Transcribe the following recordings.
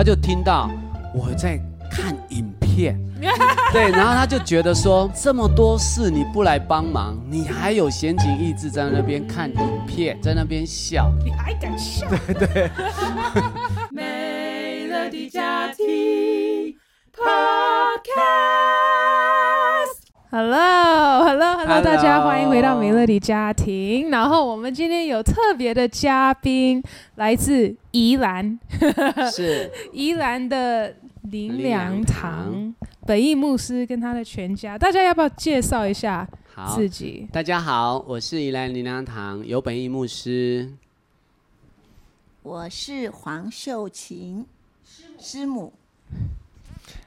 他就聽到我在看影片。對，然後他就覺得說，這麼多事你不來幫忙，你還有閒情逸致在那邊看影片，在那邊笑，你還敢笑？對對。 美樂地家庭 Hello，Hello，Hello，hello, hello, hello. 大家歡迎回到美樂地家庭。Hello. 然後我們今天有特別的嘉賓，來自宜蘭， 是宜蘭的林良堂，良堂本意牧師跟他的全家，大家要不要介紹一下自己？好，大家好，我是宜蘭林良堂有本意牧師，我是黃秀琴師母。師母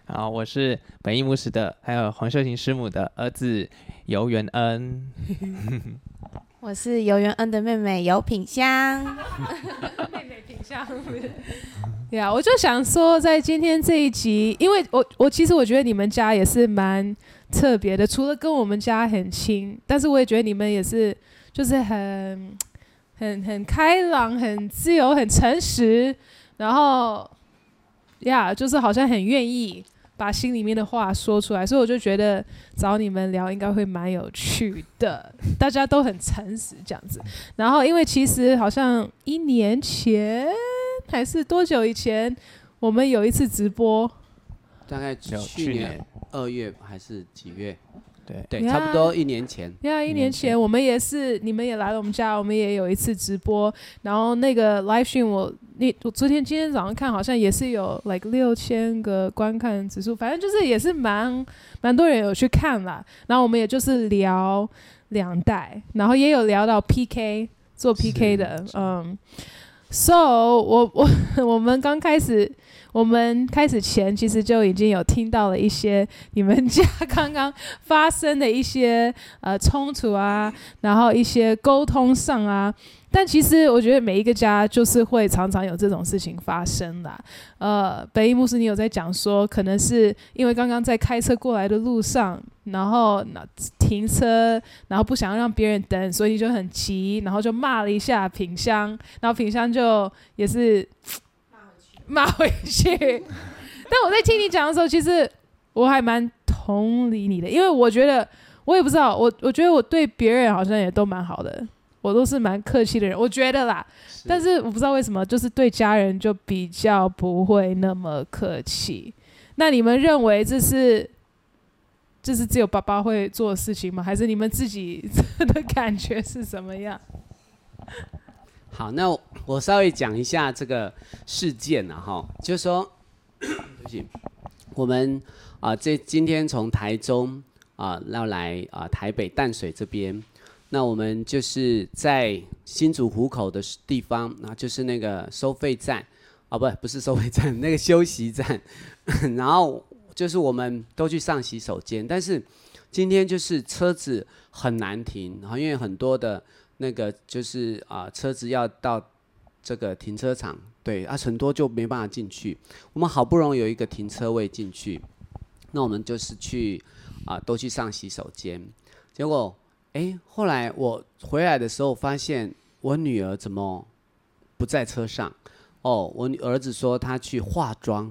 好，我是本義牧師的，還有黃秀琴師母的兒子游元恩。 我是游元恩的妹妹游品香。 妹妹品香，對 yeah, 我就想說，在今天這一集，因為我我其實我覺得你們家也是蠻特別的，除了跟我們家很親，但是我也覺得你們也是，就是很很很開朗、很自由、很誠實，然後呀，yeah, 就是好像很願意。把心裡面的話說出來，所以我就覺得找你們聊應該會蠻有趣的，大家都很誠實這樣子。然後，因為其實好像一年前還是多久以前，我們有一次直播，大概去年，去年二月還是幾月？對對，對 yeah, 差不多一年前。對啊，一年前我們也是，你們也來了我們家，我們也有一次直播，然後那個 live stream 我。你我昨天今天早上看好像也是有 like 六千個觀看指數，反正就是也是蠻蠻多人有去看啦。然後我們也就是聊兩代，然後也有聊到 PK 做 PK 的，嗯。Um, so 我我我們剛開始。我們開始前，其實就已經有聽到了一些你們家剛剛發生的一些呃衝突啊，然後一些溝通上啊。但其實我覺得每一個家就是會常常有這種事情發生啦。呃，北一牧師你有在講說，可能是因為剛剛在開車過來的路上，然後停車，然後不想讓別人等，所以就很急，然後就罵了一下品香，然後品香就也是，罵回去，但我在聽你講的時候，其實我還蠻同理你的，因為我覺得我也不知道，我我覺得我對別人好像也都蠻好的，我都是蠻客氣的人，我覺得啦。是。但是我不知道為什麼，就是對家人就比較不會那麼客氣。那你們認為這是，這是只有爸爸會做的事情嗎？還是你們自己的感覺是怎麼樣？好，那我，我稍微講一下這個事件啊，哈，就是說，對不起，我們啊、呃，這今天從台中啊要、呃、來啊、呃、台北淡水這邊，那我們就是在新竹湖口的地方啊，就是那個收費站啊，不，不是收費站，那個休息站，然後就是我們都去上洗手間，但是今天就是車子很難停，因為很多的。那個就是啊，車子要到這個停車場，對啊，很多就沒辦法進去。我們好不容易有一個停車位進去，那我們就是去啊，都去上洗手間。結果哎，後來我回來的時候發現我女兒怎麼不在車上？哦，我兒子說他去化妝，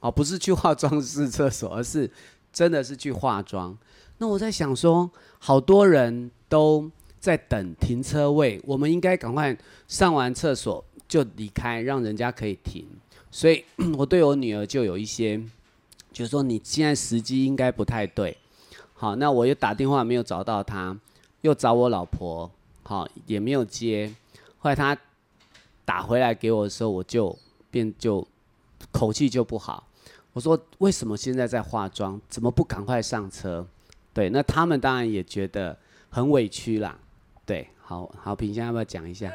哦，不是去化妝室、廁所，而是真的是去化妝。那我在想說，好多人都。在等停車位，我們應該趕快上完廁所就離開，讓人家可以停。所以我對我女兒就有一些，就是說你現在時機應該不太對。好，那我又打電話沒有找到她，又找我老婆，好，也沒有接。後來她打回來給我的時候，我就變就口氣就不好，我說為什麼現在在化妝，怎麼不趕快上車？對，那他們當然也覺得很委屈啦。好好，評香要不要講一下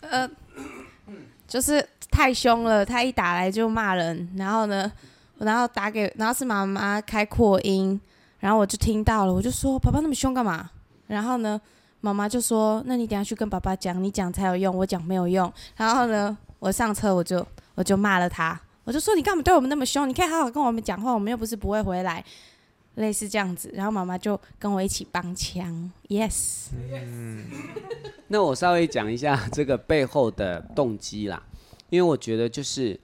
呃？呃，就是太兇了，他一打來就罵人，然後呢，我然後打給，然後是媽媽開擴音，然後我就聽到了，我就說爸爸那麼兇幹嘛？然後呢，媽媽就說，那你等下去跟爸爸講，你講才有用，我講沒有用。然後呢，我上車我就我就罵了他，我就說你幹嘛對我們那麼兇？你可以好好跟我們講話，我們又不是不會回來。類似這樣子，然後媽媽就跟我一起幫腔，yes，嗯。那我稍微講一下這個背後的動機啦，因為我覺得就是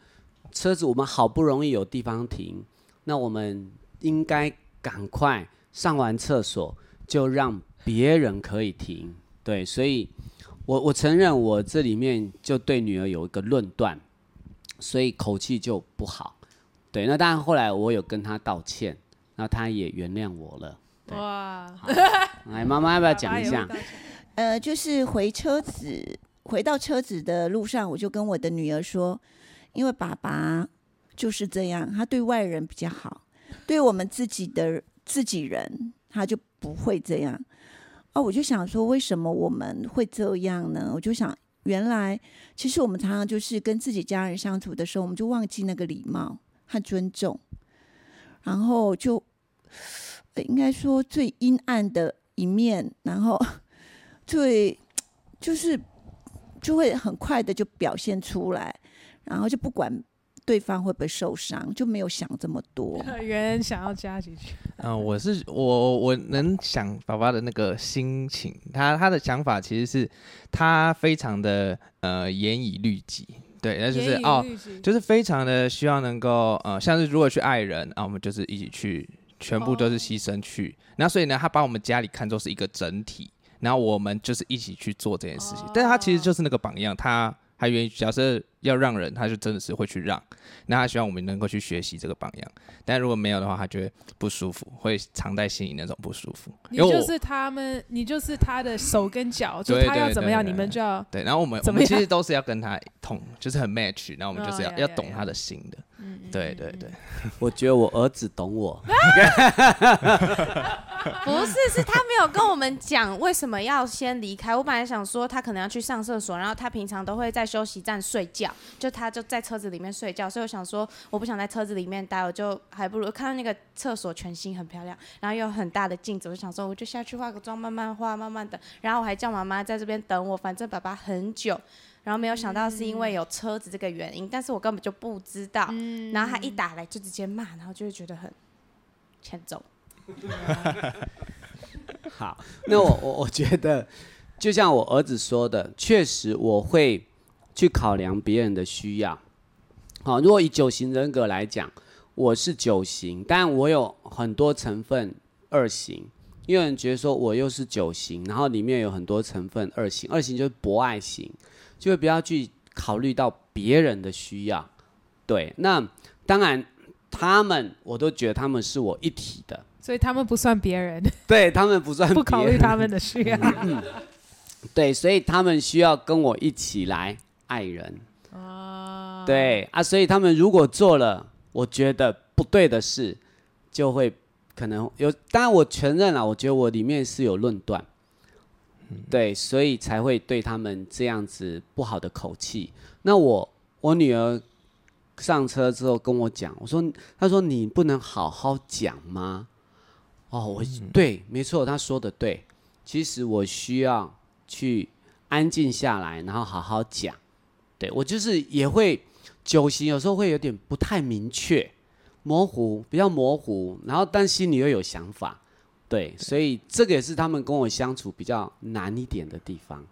車子我們好不容易有地方停，那我們應該趕快上完廁所就讓別人可以停，對，所以我我承認我這裡面就對女兒有一個論斷，所以口氣就不好，對，那當然後來我有跟她道歉。那他也原諒我了。哇！哎，媽媽要不要講一下？媽媽呃，就是回車子，回到車子的路上，我就跟我的女兒說，因為爸爸就是這樣，他對外人比較好，對我們自己的自己人，他就不會這樣。哦，我就想說，為什麼我們會這樣呢？我就想，原來其實我們常常就是跟自己家人相處的時候，我們就忘記那個禮貌和尊重，然後就，應該說最陰暗的一面，然後最就是就會很快的就表現出來，然後就不管對方會不會受傷，就沒有想這麼多。人想要加進去，嗯、 呃，我是我我能想爸爸的那個心情，他他的想法其實是他非常的呃嚴以律己，對，那就是，是哦，就是非常的希望能夠呃像是如果去愛人啊，呃，我們就是一起去。全部都是犧牲去，那、oh. 所以呢，他把我們家裡看作是一個整體，然後我們就是一起去做這件事情。Oh. 但是他其實就是那個榜樣，他還願意假設。要讓人，他就真的是會去讓，那他希望我們能夠去學習這個榜樣。但如果沒有的話，他就會不舒服，會藏在心裡那種不舒服。你就是他們，你就是他的手跟腳， 就他要怎麼樣，對對對對，你們就要。對，然後我們我們其實都是要跟他同，就是很 match。然後我們就是要、哦、要懂他的心的。嗯、對對對，我覺得我兒子懂我。不是，是他沒有跟我們講為什麼要先離開。我本來想說他可能要去上廁所，然後他平常都會在休息站睡覺。就他就在車子裡面睡覺，所以我想說我不想在車子裡面待，我就還不如看到那個廁所全新很漂亮，然後又有很大的鏡子，我就想說我就下去化個妝，慢慢化，慢慢等。然後我還叫媽媽在這邊等我，反正爸爸很久。然後沒有想到是因為有車子這個原因，嗯、但是我根本就不知道。嗯、然後他一打來就直接罵，然後就會覺得很欠揍。啊、 好，那我我我覺得，就像我兒子說的，確實我會。去考量別人的需要，好、哦。如果以九型人格來講，我是九型，但我有很多成分二型。因為有人覺得說我又是九型，然後裡面有很多成分二型。二型就是博愛型，就會不要去考慮到別人的需要。對，那當然他們我都覺得他們是我一體的，所以他們不算別人。對，他們不算別人 不考慮他們的需要。 對，所以他們需要跟我一起來。愛人，對啊，所以他們如果做了我覺得不對的事，就會可能有。當然，我承認了，我覺得我裡面是有論斷，對，所以才會對他們這樣子不好的口氣。那我我女兒上車之後跟我講，我說：“她說你不能好好講嗎？”哦，我對，沒錯，她說的對。其實我需要去安靜下來，然後好好講。對，我就是也會酒型，有時候會有點不太明確、模糊，比較模糊，然後但心裡又有想法，對，對，所以這個也是他們跟我相處比較難一點的地方。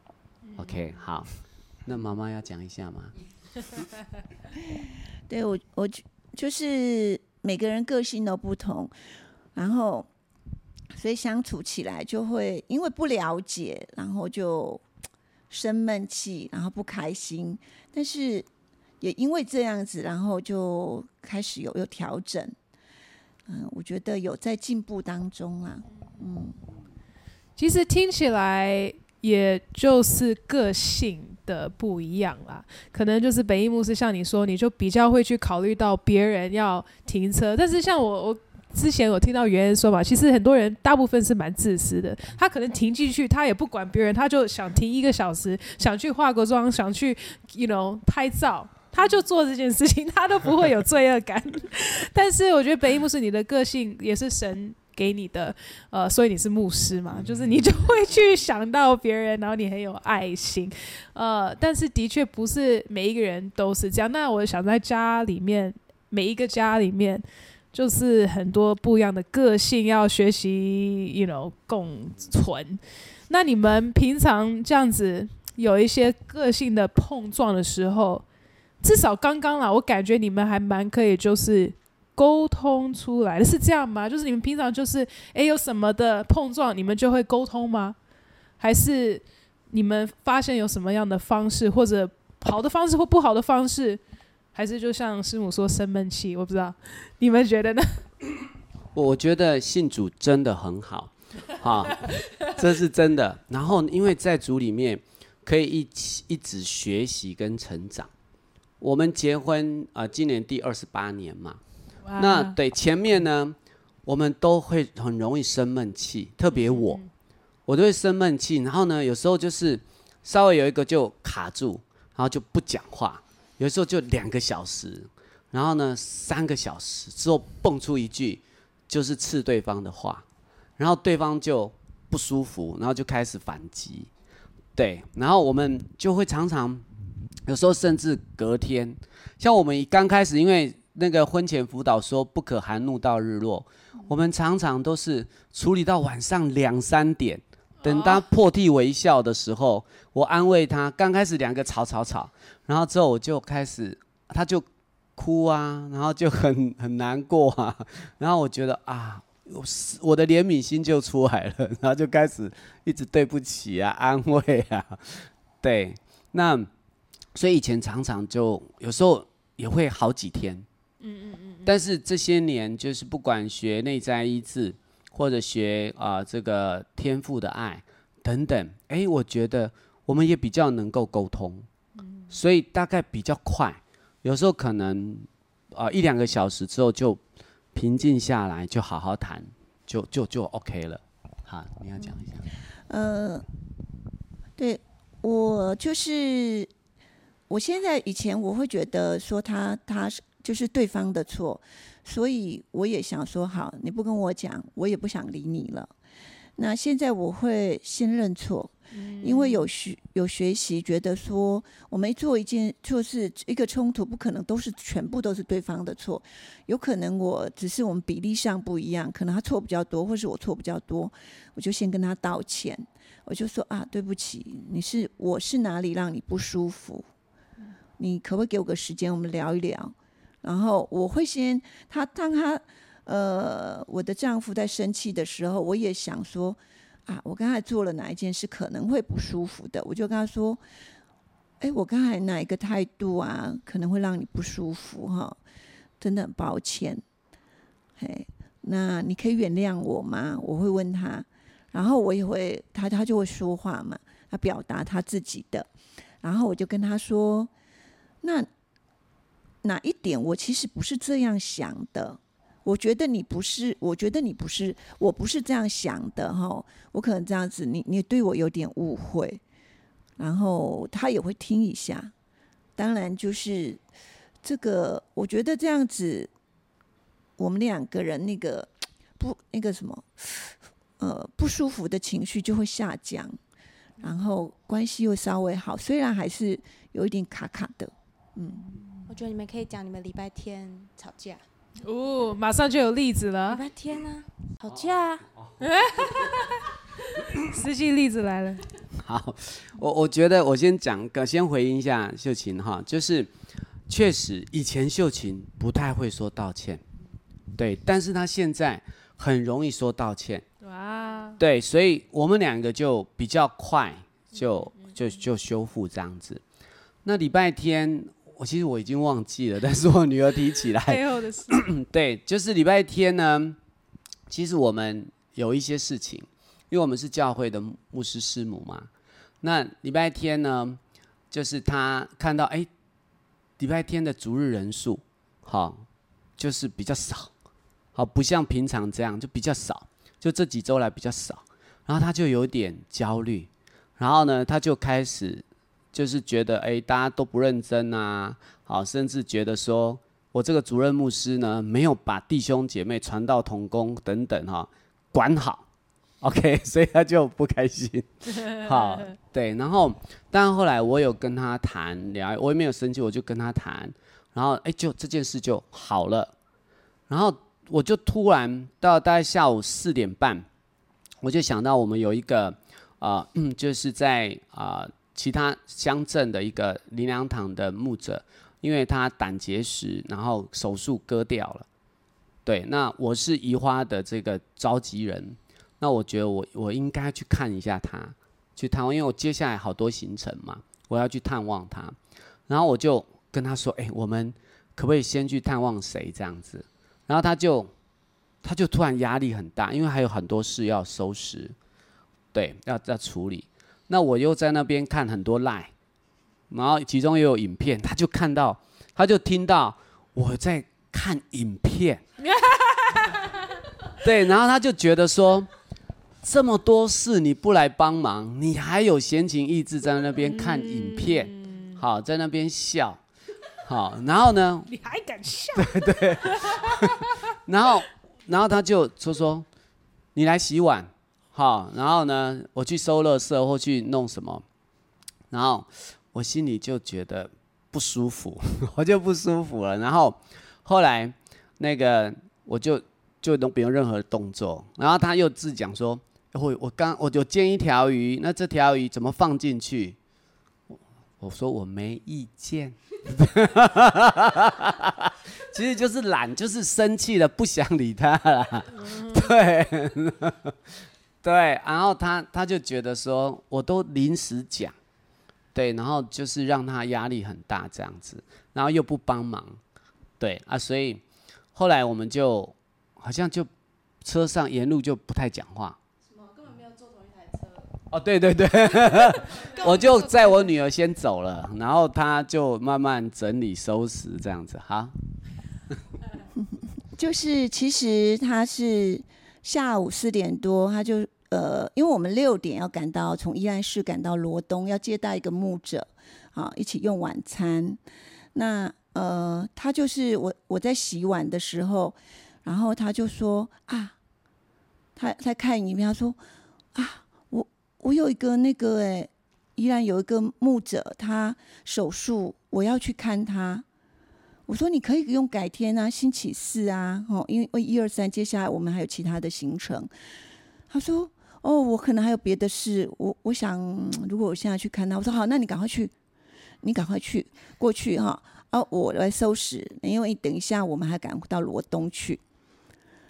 嗯、OK，好，那媽媽要講一下嗎？ 對我，我就就是每個人個性都不同，然後所以相處起來就會因為不了解，然後就。生悶氣，然後不開心，但是也因為這樣子，然後就開始有有調整。嗯，我覺得有在進步當中啊。嗯，其實聽起來也就是個性的不一樣啦。可能就是北一牧師像你說，你就比較會去考慮到別人要停車，但是像我我。之前我聽到圓圓說嘛，其實很多人大部分是蠻自私的，他可能停進去，他也不管別人，他就想停一個小時，想去化個妝，想去，you know，拍照，他就做這件事情，他都不會有罪惡感。 但是我覺得本音牧師你的個性也是神給你的，呃，所以你是牧師嘛，就是你就會去想到別人，然後你很有愛心，呃，但是的確不是每一個人都是這樣。那我想在家裡面，每一個家裡面。就是很多不一樣的個性要學習，you know，共存。那你們平常這樣子有一些個性的碰撞的時候，至少剛剛啦，我感覺你們還蠻可以，就是溝通出來的，是這樣嗎？就是你們平常就是哎、欸、有什麼的碰撞，你們就會溝通嗎？還是你們發現有什麼樣的方式，或者好的方式或不好的方式？還是就像師母說生悶氣，我不知道你們覺得呢？我覺得信主真的很好，好 這是真的。然後因為在主裡面可以一起一直學習跟成長。我們結婚啊、呃，今年第二十八年嘛。Wow. 那對前面呢，我們都會很容易生悶氣，特別我，mm hmm. 我都會生悶氣。然後呢，有時候就是稍微有一個就卡住，然後就不講話。有時候就兩個小時，然後呢，三個小時之後蹦出一句，就是刺對方的話，然後對方就不舒服，然後就開始反擊，對，然後我們就會常常，有時候甚至隔天，像我們剛開始因為那個婚前輔導說不可含怒到日落，我們常常都是處理到晚上兩三點。等他破涕為笑的時候，我安慰他。剛開始兩個吵吵吵，然後之後我就開始，他就哭啊，然後就很很難過啊。然後我覺得啊我，我的憐憫心就出來了，然後就開始一直對不起啊，安慰啊，對。那所以以前常常就有時候也會好幾天，嗯嗯嗯。但是這些年就是不管學內在醫治。或者學啊、呃，這個天賦的愛等等，哎，我覺得我們也比較能夠溝通，所以大概比較快，有時候可能啊、呃、一兩個小時之後就平靜下來，就好好談，就就就 OK 了。好，你要講一下。嗯、呃，對我就是我現在以前我會覺得說他他是就是對方的錯。所以我也想說，好，你不跟我講，我也不想理你了。那現在我會先認錯，因為有學有學習，覺得說我們做一件就是一個衝突，不可能都是全部都是對方的錯，有可能我只是我們比例上不一樣，可能他錯比較多，或是我錯比較多，我就先跟他道歉，我就說啊，對不起，你是我是哪裡讓你不舒服？你可不可以給我個時間，我們聊一聊？然後我會先他當他呃我的丈夫在生氣的時候，我也想說啊，我剛才做了哪一件事可能會不舒服的？我就跟他說，哎，我剛才哪一個態度啊，可能會讓你不舒服哈、哦？真的很抱歉，嘿，那你可以原諒我嗎？我會問他，然後我也會他他就會說話嘛，他表達他自己的，然後我就跟他說那。哪一點我其實不是這樣想的，我覺得你不是，我覺得你不是，我不是這樣想的，吼，我可能這樣子，你你對我有點誤會，然後他也會聽一下，當然就是這個，我覺得這樣子，我們兩個人那個不那個什麼，呃，不舒服的情緒就會下降，然後關係又稍微好，雖然還是有一點卡卡的，嗯。我覺得你們可以講你們禮拜天吵架哦，馬上就有例子了。禮拜天啊，吵架，啊，實際、哦哦、 例子來了。好，我我覺得我先講，先回應一下秀琴哈，就是確實以前秀琴不太會說道歉，對，但是他現在很容易說道歉，哇，對，所以我們兩個就比較快，就就就修復這樣子。那禮拜天。我其實我已經忘記了，但是我女兒提起來、 哎呦。 對，就是禮拜天呢，其實我們有一些事情，因為我們是教會的牧師師母嘛。那禮拜天呢，就是他看到哎，禮拜天的主日人數，好，就是比較少，好不像平常這樣就比較少，就這幾週來比較少，然後他就有點焦慮，然後呢，他就開始。就是覺得哎、欸，大家都不認真啊，好，甚至覺得說我這個主任牧師呢，沒有把弟兄姐妹傳道同工等等哈管好，OK，所以他就不開心。好，對，然後但後來我有跟他談聊，我也沒有生氣，我就跟他談，然後哎、欸，就這件事就好了。然後我就突然到大概下午四點半，我就想到我們有一個啊、呃嗯，就是在啊。呃其他鄉鎮的一個靈糧堂的牧者，因為他膽結石，然後手術割掉了。對，那我是宜花的這個召集人，那我覺得我我應該去看一下他，去探望，因為我接下來好多行程嘛，我要去探望他。然後我就跟他說，哎、欸，我們可不可以先去探望誰這樣子？然後他就他就突然壓力很大，因為還有很多事要收拾，對，要要處理。那我又在那邊看很多賴，然後其中也有影片，他就看到，他就聽到我在看影片， 對，然後他就覺得說，這麼多事你不來幫忙，你還有閒情逸致在那邊看影片，嗯、好，在那邊笑，好，然後呢？你還敢笑？對對。對 然後，然後他就說說，你來洗碗。好，然後呢，我去收垃圾或去弄什麼，然後我心裡就覺得不舒服，我就不舒服了。然後後來那個我就就不用任何動作，然後他又自講說：“我、哦、我剛我就煎一條魚，那這條魚怎麼放進去？”我我說我沒意見， 其實就是懶，就是生氣了，不想理他了，對。嗯 對，然後他他就覺得說，我都臨時講，對，然後就是讓他壓力很大這樣子，然後又不幫忙，對啊，所以後來我們就好像就車上沿路就不太講話，什麼根本沒有坐同一台車。哦，對對對， 我就載我女兒先走了，然後他就慢慢整理收拾這樣子，好，就是其實他是。下午四點多，他就呃，因為我們六點要趕到，從宜蘭市趕到羅東，要接待一個牧者，啊，一起用晚餐。那呃，他就是我，我在洗碗的時候，然後他就說啊，他他在看影片，他說啊，我我有一個那個哎、欸，宜蘭有一個牧者，他手術，我要去看他。我說你可以不用改天啊，星期四啊，哦，因為因為一二三，接下來我們還有其他的行程。他說：哦，我可能還有別的事，我我想如果我現在去看他，我說好，那你趕快去，你趕快去過去哈，啊、哦，我來收拾，因為等一下我們還趕到羅東去。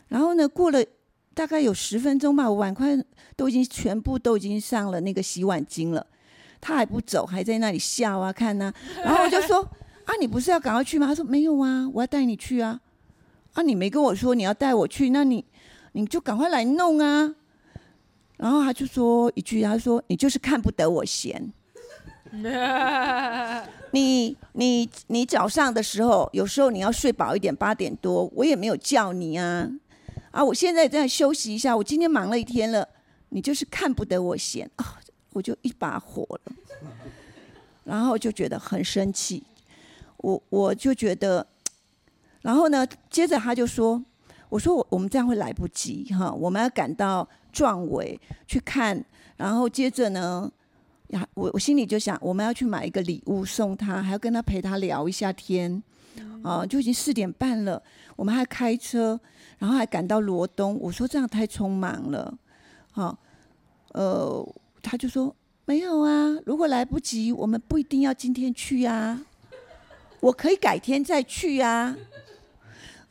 然後呢，過了大概有十分鐘吧，碗筷都已經全部都已經上了那個洗碗機了，他還不走，還在那裡笑啊看啊，然後我就說。 啊，你不是要趕快去嗎？他說沒有啊，我要帶你去啊。啊，你沒跟我說你要帶我去，那你你就趕快來弄啊。然後他就說一句，他說你就是看不得我閒。你你你早上的時候，有時候你要睡飽一點，八點多我也沒有叫你啊。啊，我現在這樣休息一下，我今天忙了一天了，你就是看不得我閒啊。哦，我就一把火了，然後就覺得很生氣。我我就覺得，然後呢，接着他就說：“我說，我我們這樣會來不及哈，我們要趕到壯圍去看。然後接着呢，呀，我我心裡就想，我們要去買一個禮物送他，還要跟他陪他聊一下天，啊，就已經四點半了，我們還開車，然後還趕到羅東。我說這樣太匆忙了，好，呃，他就說沒有啊，如果來不及，我們不一定要今天去呀。”我可以改天再去呀、啊。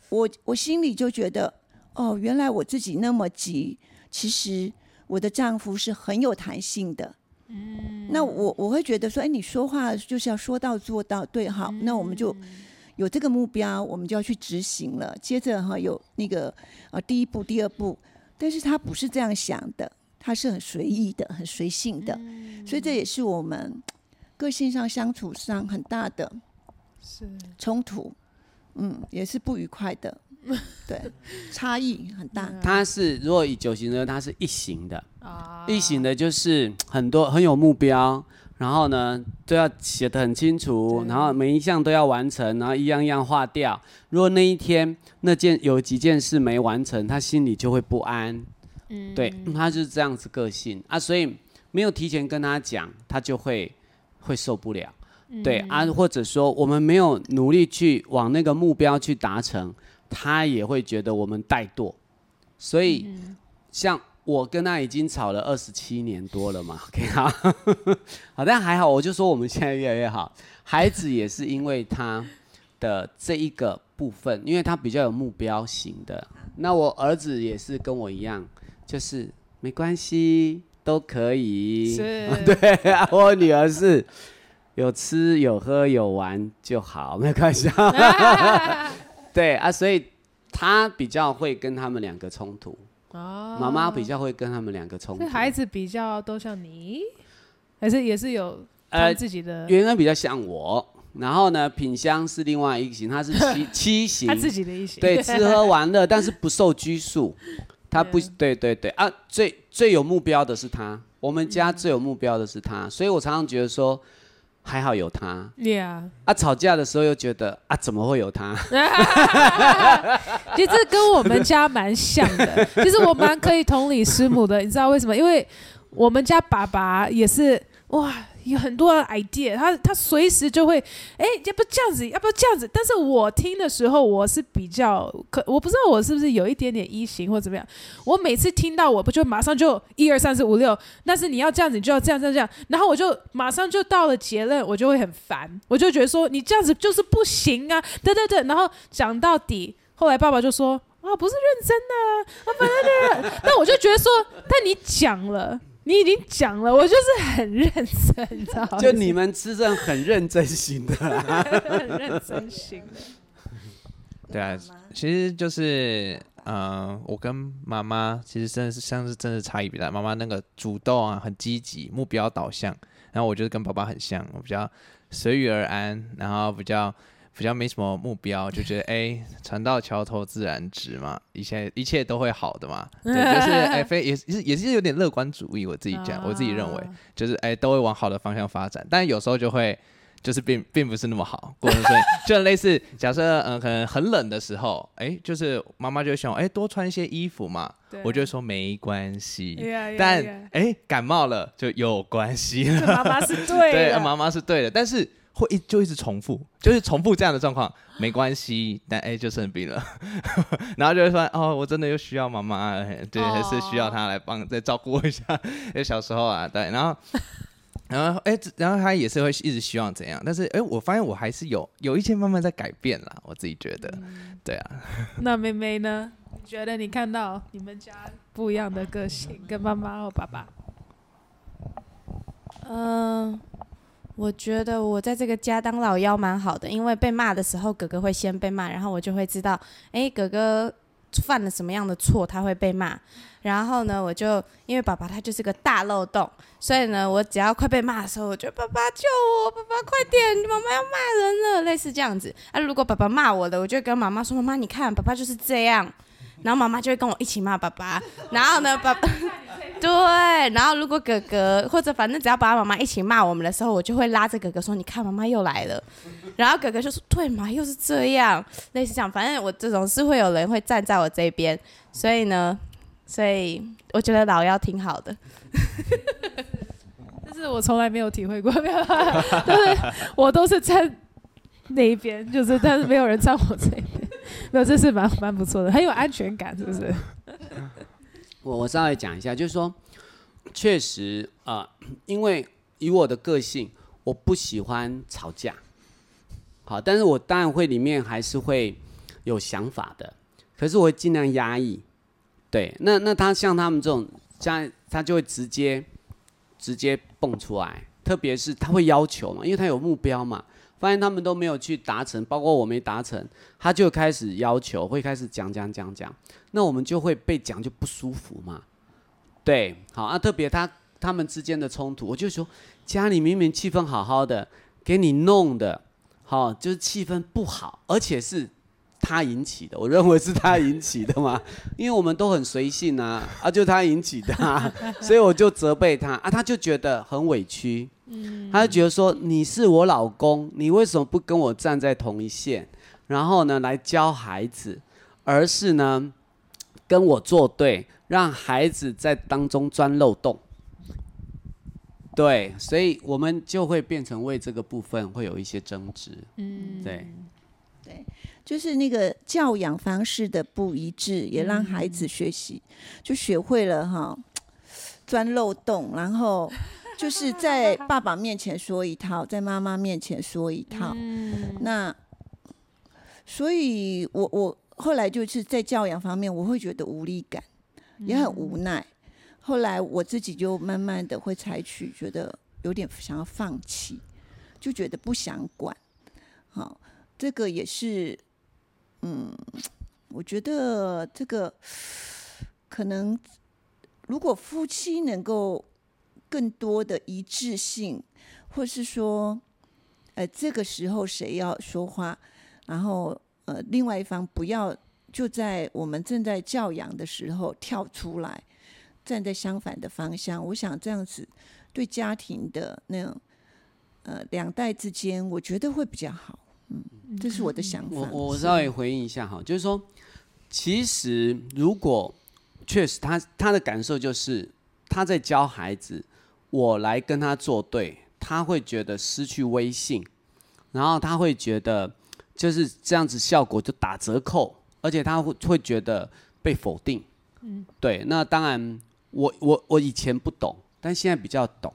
我我心裡就覺得，哦，原來我自己那麼急，其實我的丈夫是很有彈性的。嗯，那我我會覺得說，哎、欸，你說話就是要說到做到，對，好，那我們就有這個目標，我們就要去執行了。接着哈、哦，有那個呃、哦，第一步、第二步，但是他不是這樣想的，他是很隨意的、很隨性的，嗯、所以這也是我們個性上相處上很大的。是衝突，嗯，也是不愉快的， 對，差異很大。嗯、他是如果以九型呢，他是一型的啊，一型的就是很多很有目標，然後呢都要寫得很清楚，對然後每一項都要完成，然後一樣一樣劃掉。如果那一天那件有幾件事沒完成，他心裡就會不安，嗯，對，他就是這樣子個性啊，所以沒有提前跟他講，他就會會受不了。對啊，或者說我們沒有努力去往那個目標去達成，他也會覺得我們怠惰。所以，像我跟他已經吵了二十七年多了嘛，給、okay, 他、啊、 好，但還好，我就說我們現在越來越好。孩子也是因為他的這一個部分，因為他比較有目標型的。那我兒子也是跟我一樣，就是沒關係都可以。是、啊，對啊，我女兒是。有吃有喝有玩就好，沒關係。啊 對啊，所以他比較會跟他們兩個衝突。哦，媽媽比較會跟他們兩個衝突。是孩子比較都像你，還是也是有呃自己的？呃、原來比較像我，然後呢，品香是另外一個型，他是七 七型。他自己的一型。對，吃喝玩樂， 但是不受拘束。他不對，對對，對啊，最最有目標的是他，我們家最有目標的是他，嗯、所以我常常覺得說。還好有他，Yeah. 啊吵架的時候又覺得啊，怎麼會有他？ 其實這跟我們家蠻像的，其實 我蠻可以同理師母的， 你知道為什麼？因為我們家爸爸也是哇。有很多 idea，他他隨時就會，哎、欸，要不這樣子，要不要這樣子？但是我聽的時候，我是比較可，我不知道我是不是有一點點一型，或怎麼樣。我每次聽到我，我不就馬上就一二三四五六，但是你要這樣子，你就要這樣這樣這樣。然後我就馬上就到了結論，我就會很煩，我就覺得說你這樣子就是不行啊，對對對。然後講到底，後來爸爸就說啊，不是認真的，啊，我本來就是。 但我就覺得說，但你講了。你已經講了，我就是很認真，知道嗎？ 就你們是這樣很，啊， 很認真型的，很認真型的。對啊，對媽媽其實就是，嗯、呃，我跟媽媽其實真的是像是真的是差異比較大。媽媽那個主動啊，很積極，目標導向；然後我就是跟爸爸很像，我比較隨遇而安，然後比較。比較沒什麼目標，就覺得哎、欸，船到橋頭自然直嘛，一切一切都會好的嘛，對就是、欸、非也是也是有點樂觀主義。我自己講，啊、我自己認為就是哎、欸，都會往好的方向發展。但有時候就會就是並並不是那麼好，過所以就很類似假設嗯、呃，可能很冷的時候，哎、欸，就是媽媽就會想哎、欸，多穿一些衣服嘛，對我就說沒關係，yeah, yeah, 但哎 yeah.、欸、感冒了就有關係了。媽媽是對的，媽媽、 啊、是對的，但是。會一就一直重複，就是重複這樣的狀況，沒關係。但哎、欸，就生病了， 然後就會說哦，我真的又需要媽媽，對，oh. 還是需要她來幫再照顧我一下。小時候啊，對，然後，然後哎、欸，然後她也是會一直希望怎樣，但是哎、欸，我發現我還是有有一些慢慢在改變了，我自己覺得，嗯、對啊。 那妹妹呢？你覺得你看到你們家不一樣的個性，跟媽媽和爸爸？嗯。我覺得我在這個家當老幺蠻好的，因為被罵的時候，哥哥會先被罵，然後我就會知道，哎，哥哥犯了什麼樣的錯，他會被罵。然後呢，我就因為爸爸他就是個大漏洞，所以呢，我只要快被罵的時候，我就爸爸救我，爸爸快點，你媽媽要罵人了，類似這樣子。啊，如果爸爸罵我的，我就跟媽媽說，媽媽你看，爸爸就是這樣。然後媽媽就會跟我一起罵爸爸，然後呢，爸，爸， 對，然後如果哥哥或者反正只要爸爸媽媽一起罵我們的時候，我就會拉着哥哥說：“你看，媽媽又來了。”然後哥哥就說：“對嘛，又是這樣，類似這樣。”反正我這種是會有人會站在我這邊，所以呢，所以我覺得老幺挺好的，但 是我從來沒有體會過，都 是我都是站那一邊，就是但是沒有人站我這邊。沒有，這是蠻蠻不錯的，很有安全感，是不是？我我稍微講一下，就是說，確實啊，呃，因為以我的個性，我不喜歡吵架，好，但是我當然會裡面還是會有想法的，可是我會盡量壓抑。對，那那他像他們這種，像他就會直接直接蹦出來，特別是他會要求嘛，因為他有目標嘛。發現他們都沒有去達成，包括我沒達成，他就開始要求，會開始講講講講，那我們就會被講就不舒服嘛，對，好啊，特別他他們之間的衝突，我就說家裡明明氣氛好好的，給你弄的，好，就是氣氛不好，而且是他引起的，我認為是他引起的嘛，因為我們都很隨性啊，啊就他引起的啊，所以我就責備他啊，他就覺得很委屈。嗯，他就覺得說你是我老公，你為什麼不跟我站在同一線？然後呢，來教孩子，而是呢跟我作對，讓孩子在當中鑽漏洞。對，所以我們就會變成為這個部分會有一些爭執。嗯，對。對，就是那個教養方式的不一致，也讓孩子學習，嗯，就學會了哈，哦，鑽漏洞，然後。就是在爸爸面前說一套，在媽媽面前說一套。嗯，那所以我，我我後來就是在教養方面，我會覺得無力感，也很無奈。嗯，後來我自己就慢慢的會採取，覺得有點想要放棄，就覺得不想管。好，這個也是，嗯，我覺得這個可能，如果夫妻能夠。更多的一致性，或是說，呃，這個時候誰要說話，然後呃，另外一方不要就在我們正在教養的時候跳出來，站在相反的方向。我想這樣子對家庭的那種呃兩代之間，我覺得會比較好。嗯，這是我的想法。嗯、所以。我我稍微回應一下哈，就是說，其實如果確實他他的感受就是他在教孩子。我來跟他作對，他會覺得失去威信，然後他會覺得就是這樣子效果就打折扣，而且他會會覺得被否定。嗯，對。那當然我，我我我以前不懂，但現在比較懂。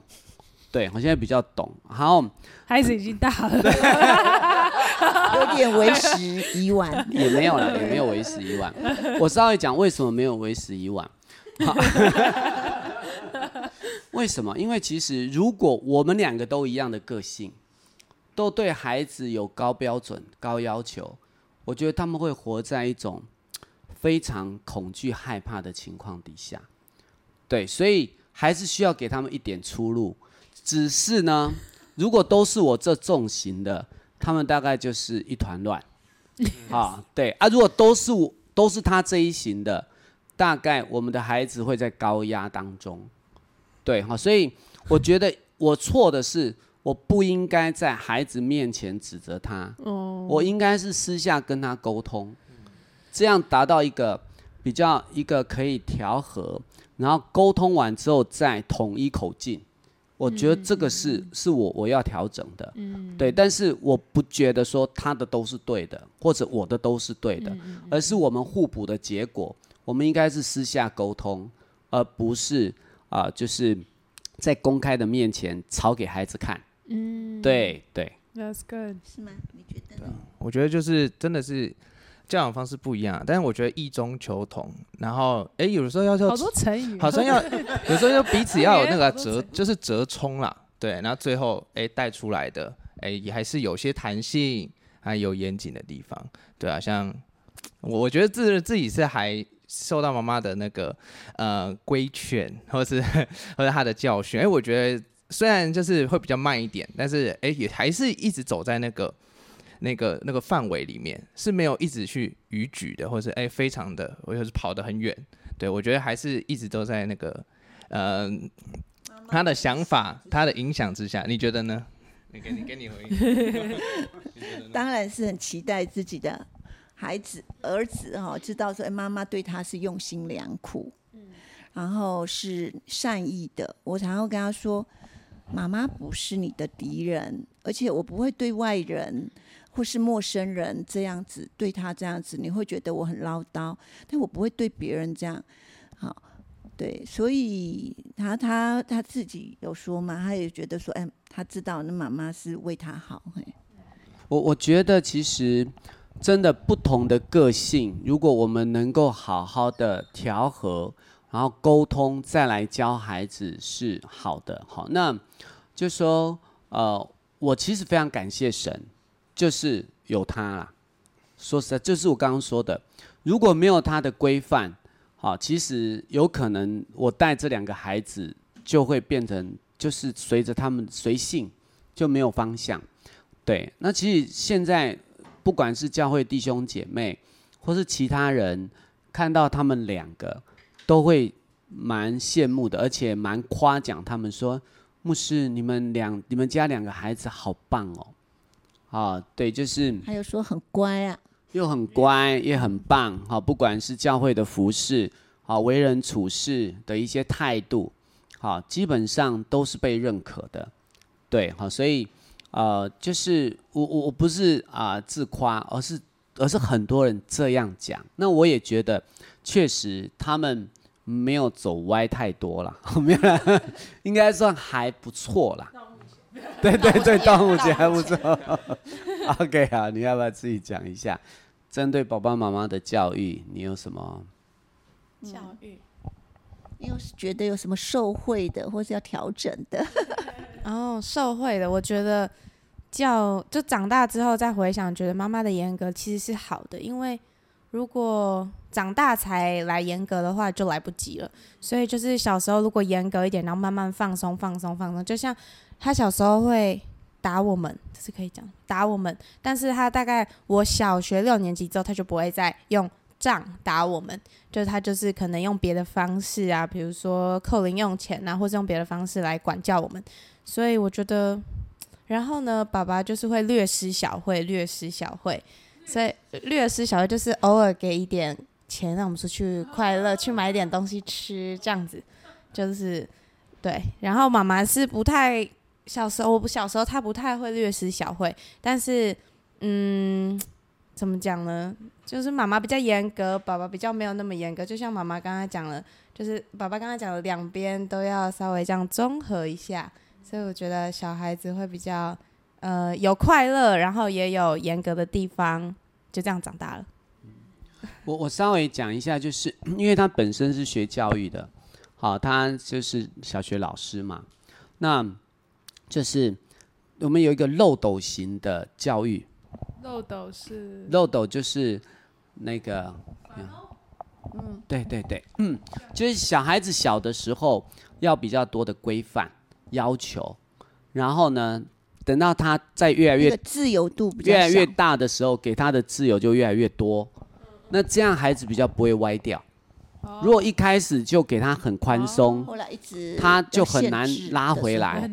對，我現在比較懂。好，孩子已經大了，嗯、 有點為時已晚， 也沒有了，也沒有為時已晚。我稍微講為什麼沒有為時已晚。好 為什麼？因為其實，如果我們兩個都一樣的個性，都對孩子有高標準、高要求，我覺得他們會活在一種非常恐懼、害怕的情況底下。對，所以還是需要給他們一點出路。只是呢，如果都是我這重型的，他們大概就是一團亂啊 Yes.、哦。對啊，如果都是我，都是他這一型的，大概我們的孩子會在高壓當中。對哈，所以我覺得我錯的是，我不應該在孩子面前指責他。哦、我應該是私下跟他溝通，這樣達到一個比較一個可以調和，然後溝通完之後再統一口徑。我覺得這個是、嗯、是我我要調整的，嗯、對。但是我不覺得說他的都是對的，或者我的都是對的，嗯、而是我們互補的結果。我們應該是私下溝通，而不是。啊，就是在公開的面前吵給孩子看，嗯，對對，That's good， 是嗎？你覺得呢？我覺得就是真的是教養方式不一樣，但是我覺得異中求同，然後哎、欸，有時候要求好多成語，好像要有時候要彼此要有那個折， 就是折衝啦，對，然後最後哎帶、欸、出來的哎、欸、也還是有些彈性，還有嚴謹的地方，對啊，像我覺得自自己是還受到媽媽的那個呃規勸，或者是或者她的教訓，哎、欸，我覺得雖然就是會比較慢一點，但是哎、欸、也還是一直走在那個那個那個範圍裡面，是沒有一直去逾矩的，或者是哎、欸、非常的或者是跑得很遠。對，我覺得還是一直都在那個呃他的想法他的影響之下。你覺得呢？你給你給你回應，當然是很期待自己的孩子，兒子哈、哦，知道說，哎、欸，媽媽對他是用心良苦，然後是善意的。我常常跟他說，媽媽不是你的敵人，而且我不會對外人或是陌生人這樣子對他這樣子，你會覺得我很嘮叨，但我不會對別人這樣。好，對，所以他他他自己有說嘛，他也覺得說，哎、欸，他知道那媽媽是為他好。嘿，我我覺得其實。真的不同的個性，如果我們能夠好好的調和，然後溝通，再來教孩子是好的。好，那就說，呃，我其實非常感謝神，就是有他啦。說實在，就是我剛剛說的，如果沒有他的規範，好、哦，其實有可能我帶這兩個孩子就會變成，就是隨着他們隨性，就沒有方向。對，那其實現在。不管是教會弟兄姐妹，或是其他人，看到他們兩個，都會蠻羨慕的，而且蠻誇獎他們說：“牧師，你們兩、你們家兩個孩子好棒哦！”啊、哦，對，就是還有說很乖啊，又很乖，也很棒。哈、哦，不管是教會的服侍，好、哦，為人處事的一些態度，好、哦，基本上都是被認可的。對，好、哦，所以。呃，就是我我我不是啊、呃、自誇，而是而是很多人這樣講，那我也覺得確實他們沒有走歪太多了， 應該算還不錯啦。對對對，端午節還不錯。OK，好，你要不要自己講一下？針對爸爸媽媽的教育，你有什麼教育？又是覺得有什麼受惠的，或是要調整的。然 後、oh, 受惠的，我覺得叫就長大之後再回想，覺得媽媽的嚴格其實是好的，因為如果長大才來嚴格的話，就來不及了。所以就是小時候如果嚴格一點，然後慢慢放鬆、放鬆、放鬆。就像他小時候會打我們，就是可以講打我們，但是他大概我小學六年級之後，他就不會再用。仗打我們，就他就是可能用別的方式啊，比如說扣零用錢啊，或者用別的方式來管教我們。所以我覺得，然後呢，爸爸就是會略施小惠，略施小惠。所以略施小惠就是偶爾給一點錢，讓我們出去快樂，去買一點東西吃，這樣子就是對。然後媽媽是不太小時候，我小時候她不太會略施小惠，但是嗯，怎麼講呢？就是媽媽比較嚴格，爸爸比較沒有那麼嚴格。就像媽媽剛才講了，就是爸爸剛才講了，兩邊都要稍微這樣綜合一下。所以我覺得小孩子會比較，呃，有快樂，然後也有嚴格的地方，就這樣長大了。我我稍微講一下，就是因為他本身是學教育的，好，他就是小學老師嘛。那就是我們有一個漏斗型的教育。漏斗是？漏斗就是。那個，哦、嗯，對對對，嗯，就是小孩子小的時候要比較多的規範要求，然後呢，等到他在越來越越來越大的時候，給他的自由就越來越多，那這樣孩子比較不會歪掉。哦、如果一開始就給他很寬鬆，哦、他就很難拉回來，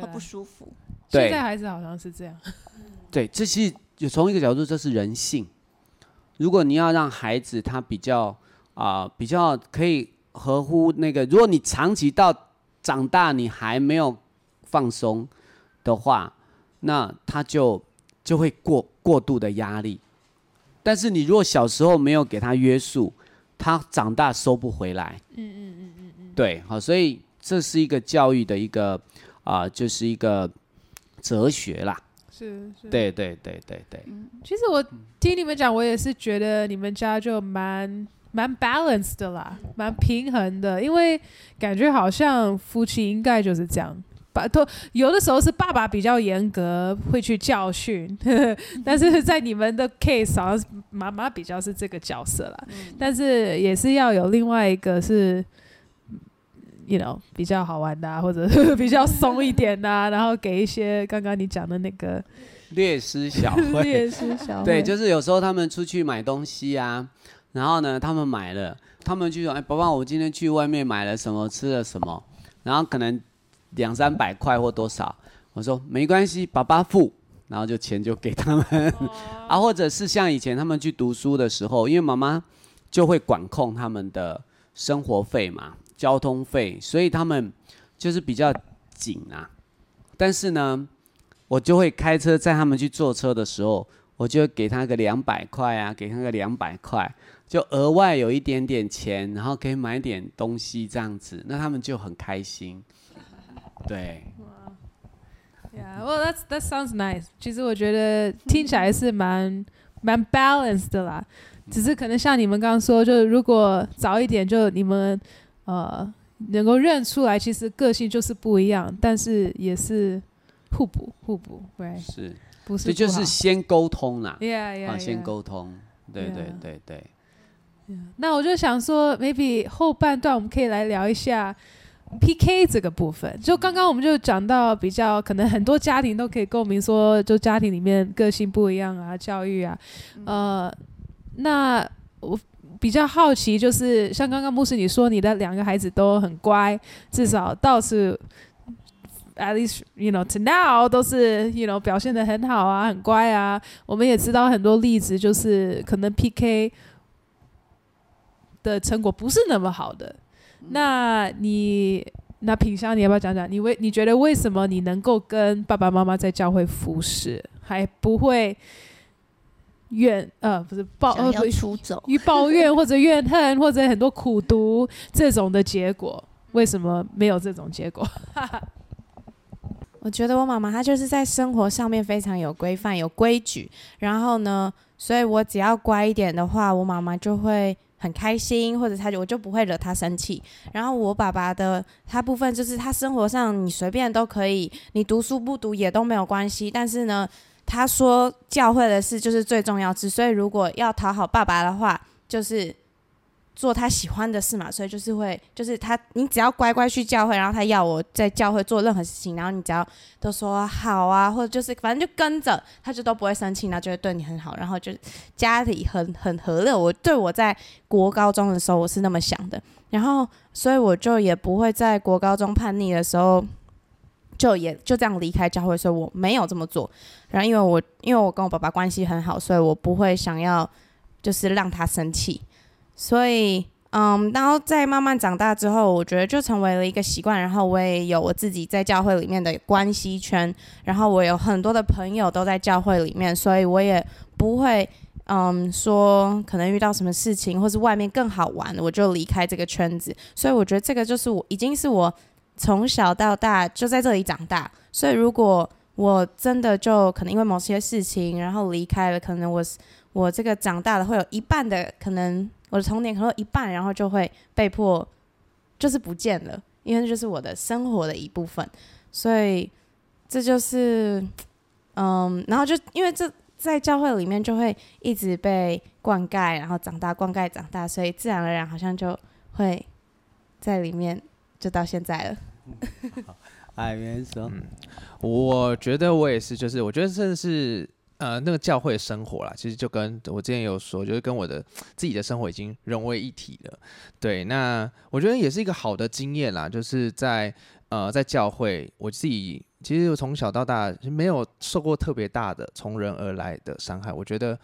他不舒服。對現在孩子好像是這樣，嗯、對，這是就從一個角度，這是人性。如果你要讓孩子他比較啊、呃、比較可以合乎那個，如果你長期到長大你還沒有放鬆的話，那他就就會過過度的壓力。但是你如果小時候沒有給他約束，他長大收不回來。嗯嗯嗯嗯嗯。對，好、呃，所以這是一個教育的一個啊、呃，就是一個哲學啦。是，是，對對對對對，對、嗯。其實我聽你們講，我也是覺得你們家就蠻蠻 balanced 的啦，蠻平衡的。因為感覺好像夫妻應該就是這樣，爸都有的時候是爸爸比較嚴格，會去教訓。呵呵但是在你們的 case，好像是媽媽比較是這個角色啦，嗯、但是也是要有另外一個是。You know，比較好玩的，啊，或者呵呵比較鬆一點的，啊，然後給一些剛剛你講的那個略施小惠，略施 小惠，對，就是有時候他們出去買東西啊，然後呢，他們買了，他們就說：“哎，爸爸，我今天去外面買了什麼，吃了什麼。”然後可能兩三百塊或多少，我說沒關係，爸爸付，然後就錢就給他們，哦，啊，或者是像以前他們去讀書的時候，因為媽媽就會管控他們的生活費嘛。交通費，所以他們就是比較緊啊。但是呢，我就會開車載他們去坐車的時候，我就會給他個兩百塊啊，給他個兩百塊，就額外有一點點錢，然後可以買點東西這樣子，那他們就很開心。對。Wow，Yeah, well, that's, that sounds nice. 其實我覺得聽起來是蠻蠻 balanced 的啦。只是可能像你們剛剛說，就如果早一點，就你們。呃，能夠認出來，其實個性就是不一樣，但是也是互補互補，對、right?，是，不是不這就是先溝通啦，yeah, yeah, 啊，yeah. 先溝通，對對對對。Yeah. 那我就想說，maybe 後半段我們可以來聊一下 PK 這個部分。就剛剛我們就講到比較，可能很多家庭都可以共鳴，說就家庭裡面個性不一樣啊，教育啊，呃，那我。比較好奇，就是像剛剛牧師你說，你的兩個孩子都很乖，至少到是，at least you know to now 都是 you know 表現得很好啊，很乖啊。我們也知道很多例子，就是可能 PK 的成果不是那麼好的。那你那品香，你要不要講講？你為你覺得為什麼你能夠跟爸爸媽媽在教會服侍，還不會怨，呃，不是抱，呃，出走，與抱怨，或者怨恨，或者很多苦毒 這種的結果，為什麼沒有這種結果？ 我覺得我媽媽她就是在生活上面非常有規範、有規矩，然後呢，所以我只要乖一點的話，我媽媽就會很開心，或者她就……我就不會惹她生氣。然後我爸爸的他部分就是他生活上你隨便都可以，你讀書不讀也都沒有關係，但是呢。他說教會的事就是最重要的事，所以如果要討好爸爸的話，就是做他喜歡的事嘛。所以就是會，就是他，你只要乖乖去教會，然後他要我在教會做任何事情，然後你只要都說好啊，或者就是反正就跟着，他就都不會生氣，然後就會對你很好，然後就家裡很很和樂。我對我在國高中的時候我是那麼想的，然後所以我就也不會在國高中叛逆的時候。就也就這樣離開教會，所以我沒有這麼做。然後，因為我因為我跟我爸爸關係很好，所以我不會想要就是讓他生氣。所以，嗯，然後在慢慢長大之後，我覺得就成為了一個習慣。然後，我也有我自己在教會裡面的關係圈。然後，我有很多的朋友都在教會裡面，所以我也不會嗯說可能遇到什麼事情，或是外面更好玩，我就離開這個圈子。所以，我覺得這個就是我已經是我。從小到大就在這裡長大，所以如果我真的就可能因為某些事情，然後離開了，可能我我這個長大了會有一半的可能，我的童年可能有一半，然後就會被迫就是不見了，因為那就是我的生活的一部分，所以這就是嗯，然後就因為這在教會裡面就會一直被灌溉，然後長大灌溉長大，所以自然而然好像就會在裡面。就到現在了。哎，別說，我覺得我也是，就是我覺得甚至是，呃，那個教會生活啦，其實就跟我之前有說，就是跟我的自己的生活已經融為一體了。對，那我覺得也是一個好的經驗啦，就是在呃，在教會，我自己其實我從小到大就沒有受過特別大的從人而來的傷害，我覺得。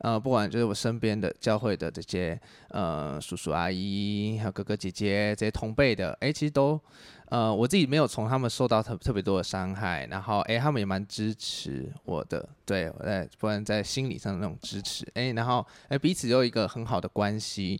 呃，不管就是我身邊的教會的這些呃叔叔阿姨還有哥哥姐姐這些同輩的，哎，其實都呃我自己沒有從他們受到特特別多的傷害，然後哎他們也蠻支持我的，對，我在不然在心理上那種支持，哎，然後哎彼此又有一個很好的關係。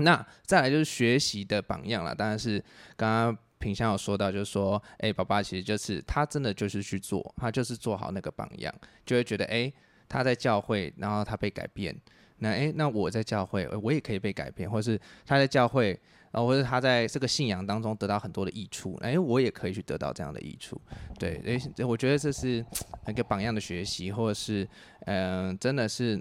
那再來就是學習的榜樣啦，當然是剛剛品香有說到，就是說哎爸爸其實就是他真的就是去做，他就是做好那個榜樣，就會覺得哎。誒他在教會，然後他被改變。那誒，那我在教會，我也可以被改變，或者是他在教會，啊，或者他在這個信仰當中得到很多的益處。誒，我也可以去得到這樣的益處。對，誒，我覺得這是一個榜樣的學習，或者是，嗯、呃，真的是，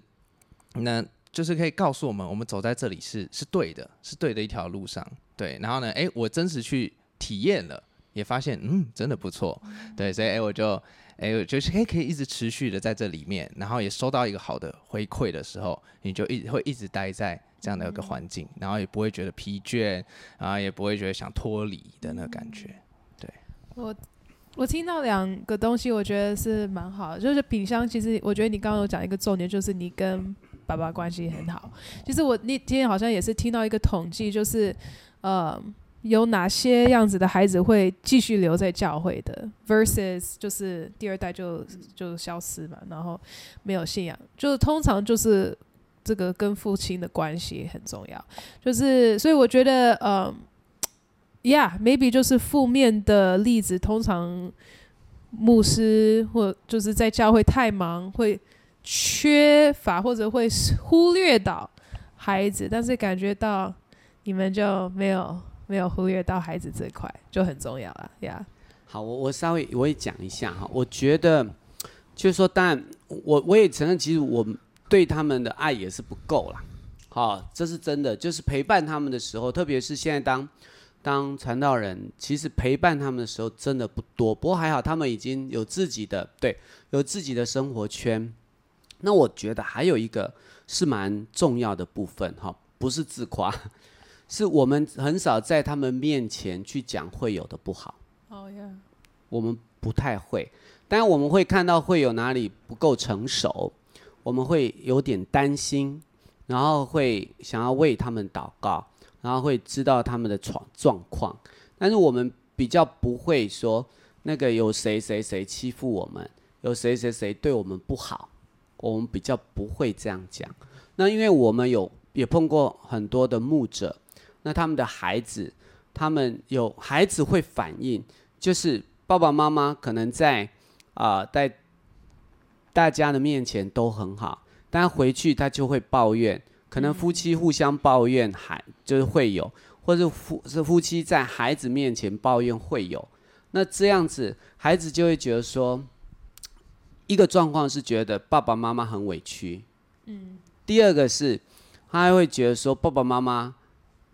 那就是可以告訴我們，我們走在這裡是是對的，是對的一條路上。對，然後呢，誒，我真實去體驗了，也發現，嗯，真的不錯。嗯、對，所以誒，我就。哎，就是、欸、可以一直持續的在這裡面，然後也收到一個好的回饋的時候，你就一會一直待在這樣的一個環境，然後也不會覺得疲倦，啊，也不會覺得想脫離的那感覺。對我，我聽到兩個東西，我覺得是蠻好的，就是品香，其實我覺得你剛剛有講一個重點，就是你跟爸爸關係很好。其實我那天好像也是聽到一個統計，就是，嗯、呃。有哪些樣子的孩子會繼續留在教會的，versus 就是第二代就就消失嘛？然後沒有信仰，就是通常就是這個跟父親的關係很重要，就是所以我覺得，嗯、um，Yeah，maybe 就是負面的例子，通常牧師或就是在教會太忙，會缺乏或者會忽略到孩子，但是感覺到你們就沒有。沒有忽略到孩子這塊就很重要了，呀、yeah。好，我我稍微我也講一下哈。我覺得就是說當然，但我我也承認，其實我對他們的愛也是不夠啦。好，這是真的。就是陪伴他們的時候，特別是現在當當傳道人，其實陪伴他們的時候真的不多。不過還好，他們已經有自己的對，有自己的生活圈。那我覺得還有一個是蠻重要的部分哈，不是自誇。是我們很少在他們面前去講會有的不好。我們不太會，但我們會看到會有哪裡不夠成熟，我們會有點擔心，然後會想要為他們禱告，然後會知道他們的狀狀況。但是我們比較不會說那個有誰誰誰欺負我們，有誰誰誰對我們不好，我們比較不會這樣講。那因為我們有也碰過很多的牧者。那他們的孩子，他們有孩子會反應，就是爸爸媽媽可能在啊、呃、在大家的面前都很好，但回去他就會抱怨，可能夫妻互相抱怨，還，就是會有，或是夫是夫妻在孩子面前抱怨會有，那這樣子孩子就會覺得說，一個狀況是覺得爸爸媽媽很委屈，嗯，第二個是，他還會覺得說爸爸媽媽。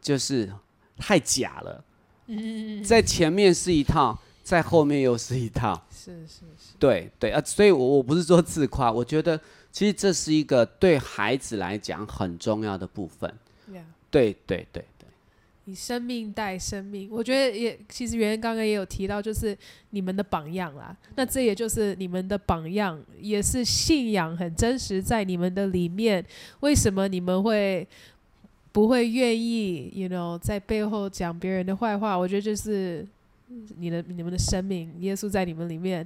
就是太假了。嗯， 在前面是一套，在後面又是一套。是是是。是是對對啊，所以我我不是說自誇，我覺得其實這是一個對孩子來講很重要的部分。對對對對。對對對以生命帶生命，我覺得也其實圓圓剛剛也有提到，就是你們的榜樣啦。那這也就是你們的榜樣，也是信仰很真實在你們的裡面。為什麼你們會不會願意，you know，在背後講別人的壞話。我覺得就是你的、你們的生命，耶穌在你們裡面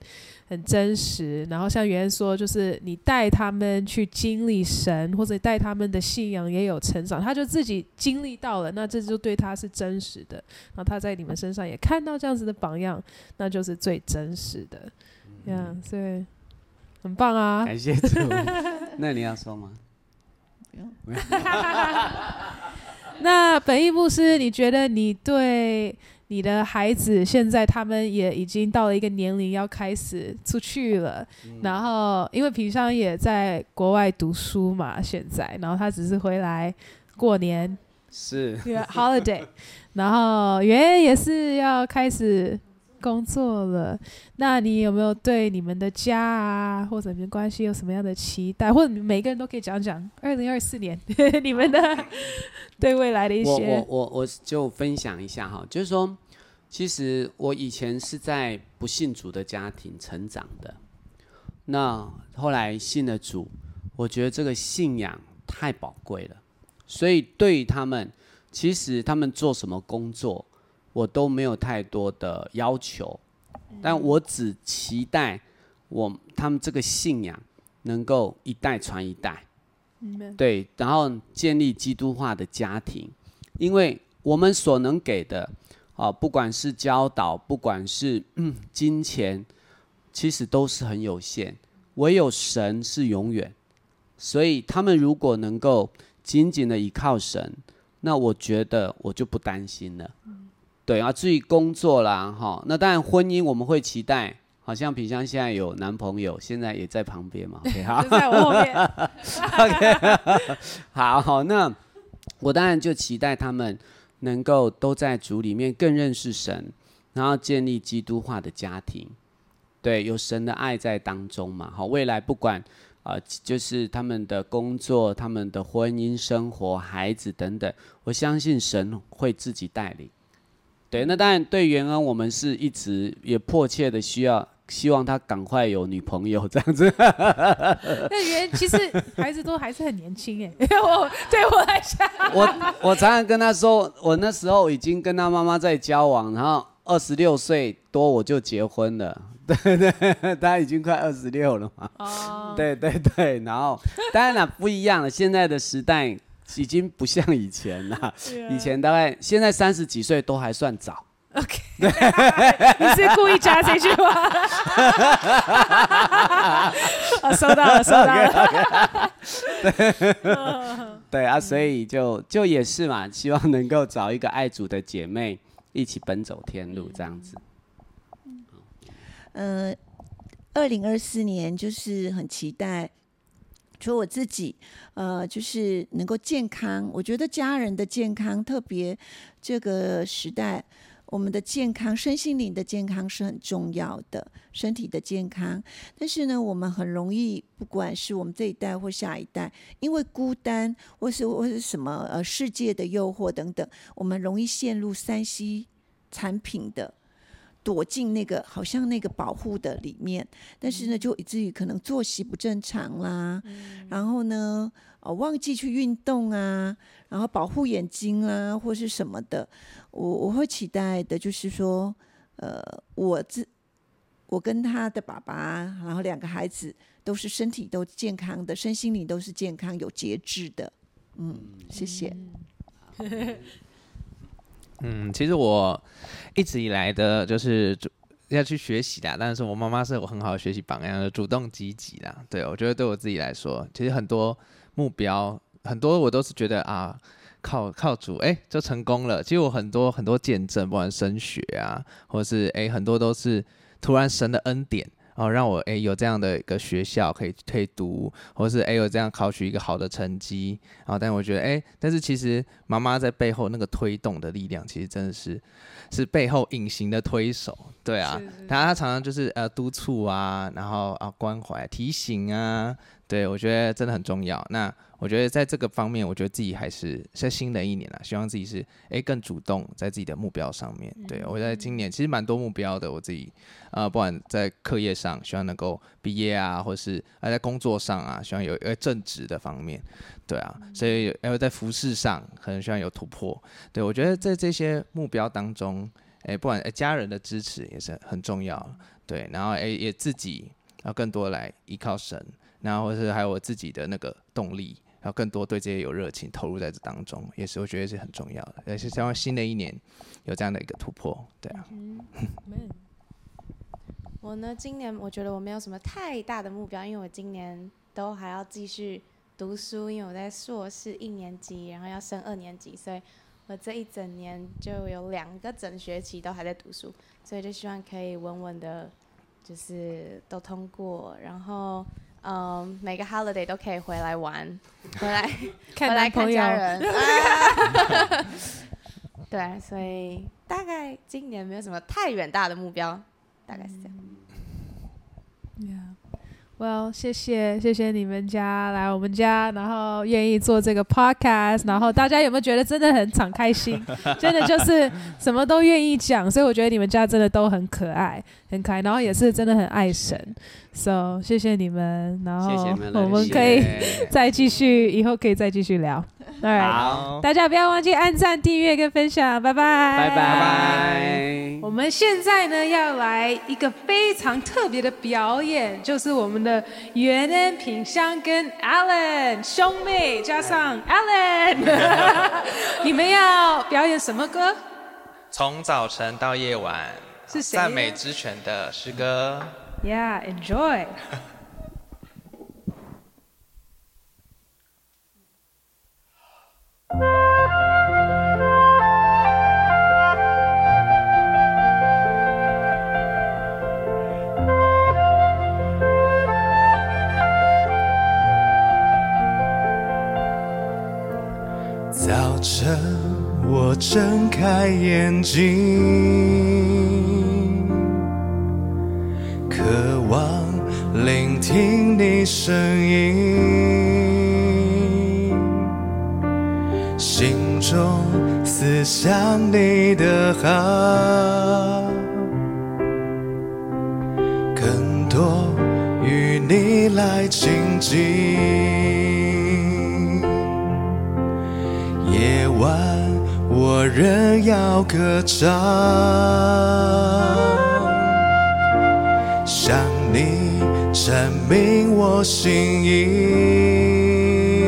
很真實。然後像原來說，就是你帶他們去經歷神，或者帶他們的信仰也有成長，他就自己經歷到了，那這就對他是真實的。然後他在你們身上也看到這樣子的榜樣，那就是最真實的。嗯，對，很棒啊！感謝主。 那你要說嗎？那本意牧師，你覺得你對你的孩子，現在他們也已經到了一個年齡，要開始出去了。嗯、然後，因為平常也在國外讀書嘛，現在，然後他只是回來過年，是 yeah, holiday。然後圓圓也是要開始。工作了，那你有沒有對你們的家啊，或者你們關係有什麼樣的期待？或者你們每個人都可以講講。二零二四年你們的、啊、 對未來的一些我……我我我就分享一下哈，就是說，其實我以前是在不信主的家庭成長的，那後來信了主，我覺得這個信仰太寶貴了，所以對於他們，其實他們做什麼工作，我都沒有太多的要求，但我只期待我他們這個信仰能夠一代傳一代，對，然後建立基督化的家庭，因為我們所能給的，啊，不管是教導，不管是、嗯、金錢，其實都是很有限，唯有神是永遠，所以他們如果能夠緊緊的依靠神，那我覺得我就不擔心了。對，啊，至於工作啦，哈、哦。那當然，婚姻我們會期待，好像萍香現在有男朋友，現在也在旁邊嘛，OK 哈。 就在我後面 ，OK，好好。那我當然就期待他們能夠都在主裡面更認識神，然後建立基督化的家庭，對，有神的愛在當中嘛。好、哦，未來不管啊、呃，就是他們的工作、他們的婚姻生活、孩子等等，我相信神會自己帶領。對，那當然對元恩，我們是一直也迫切的需要，希望他趕快有女朋友這樣子。那 元恩其實孩子都還是很年輕哎， 我對 我來講，我我常常跟他說，我那時候已經跟他媽媽在交往，然後二十六歲多我就結婚了，對對、對，他已經快二十六了嘛。哦，oh. 對對對，然後當然了，啊，不一樣了，現在的時代。已經不像以前了， 對啊、以前大概現在三十幾歲都還算早。OK，你是故意加這句話？啊， 收到了，收到了。 對啊，所以就就也是嘛，希望能夠找一個愛主的姐妹一起奔走天路這樣子。嗯，二零二四年就是很期待。除了我自己，呃，就是能夠健康。我覺得家人的健康，特別這個時代，我們的健康，身心靈的健康是很重要的，身體的健康。但是呢，我們很容易，不管是我們這一代或下一代，因為孤單，或是或是什麼呃世界的誘惑等等，我們容易陷入三 C 產品的。躲進那個好像那個保護的裡面，但是呢，就以至於可能作息不正常啦，然後呢，哦，忘記去運動啊，然後保護眼睛啦，啊，或是什麼的，我我會期待的就是說，呃，我自我跟他的爸爸，然後兩個孩子都是身體都健康的，身心靈都是健康有節制的，嗯，謝謝。 嗯，其實我一直以來的就是要去學習啦。但是，我媽媽是我很好的學習榜樣的，的主動積極啦。對，我覺得對我自己來說，其實很多目標，很多我都是覺得啊，靠靠主，哎、欸，就成功了。其實我很多很多見證，不管升學啊，或者是哎、欸，很多都是突然神的恩典。哦，讓我哎、欸、有這樣的一個學校可以退讀，或是哎、欸、有這樣考取一個好的成績啊、哦。但我覺得哎、欸，但是其實媽媽在背後那個推動的力量，其實真的是是背後隱形的推手，對啊。他他常常就是呃督促啊，然後啊關懷、啊、提醒啊。嗯。對，我覺得真的很重要。那我覺得在這個方面，我覺得自己還是在新的一年啊，希望自己是誒更主動在自己的目標上面。對，我在今年其實蠻多目標的，我自己啊、呃，不管在課業上，希望能夠畢業啊，或是啊、呃、在工作上啊，希望有一個正職的方面，對啊，嗯、所以然後在服事上可能希望有突破。對，我覺得在這些目標當中，哎不管家人的支持也是很重要，對，然後哎也自己要更多來依靠神。然後或是還有我自己的那個動力，然後更多對這些有熱情，投入在這當中，也是我覺得是很重要的。也是希望新的一年有這樣的一個突破，對啊。Mm-hmm. 我呢，今年我覺得我沒有什麼太大的目標，因為我今年都還要繼續讀書，因為我在碩士一年級，然後要升二年級，所以我這一整年就有兩個整學期都還在讀書，所以就希望可以穩穩的，就是都通過，然後。嗯，um, 每個 holiday 都可以回來玩，回來， 朋回來看家人。對，所以大概今年沒有什麼太遠大的目標，大概是這樣。Yeah. Well，謝謝，謝謝你們家來我們家，然後願意做這個 podcast，然後大家有沒有覺得真的很敞開心， 真的就是什麼都願意講，所以我覺得你們家真的都很可愛，很可愛，然後也是真的很愛神。So 謝謝你們，然後我們可以再繼續，以後可以再繼續聊。Alright, 好，大家不要忘記按贊、訂閱跟分享，拜拜，拜拜。我們現在呢，要來一個非常特別的表演，就是我們的袁恩、品香跟 Allen 兄妹，加上 Allen，你們要表演什麼歌？從 早晨到夜晚，贊、啊、美之泉的詩歌。Yeah, enjoy. 趁我睜開眼睛，渴望聆聽你聲音，心中思想你的好，更多與你來親近。夜晚，我仍要歌唱，向你證明我心意，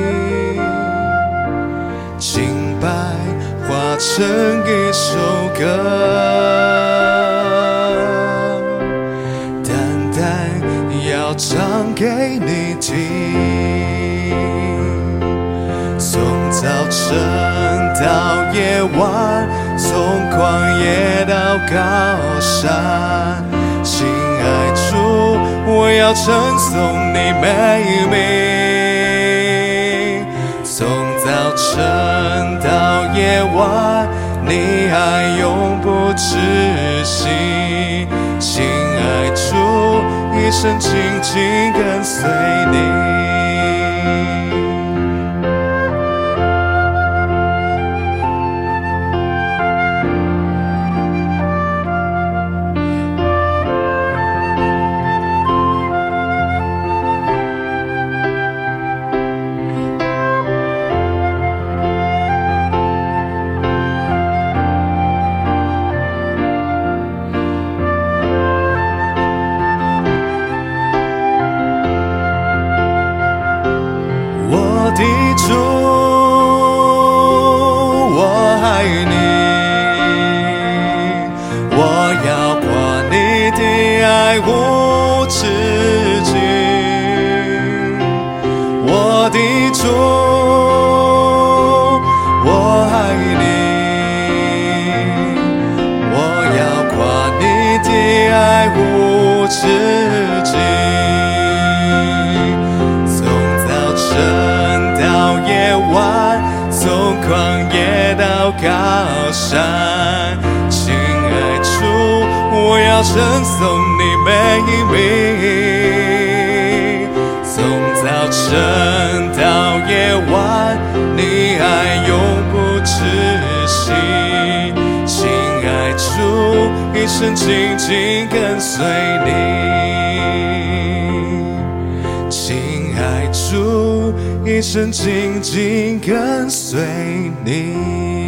清白化成一首歌，單單要唱給你。從晨到夜晚，從曠野到高山，親愛主，我要稱頌你美名。從早晨到夜晚，你愛永不止息，親愛主，一生緊緊跟隨你。親愛主，我要稱頌你每一名，從早晨到夜晚，你愛永不止息。親愛主，一生緊緊跟隨你。親愛主，一生緊緊跟隨你。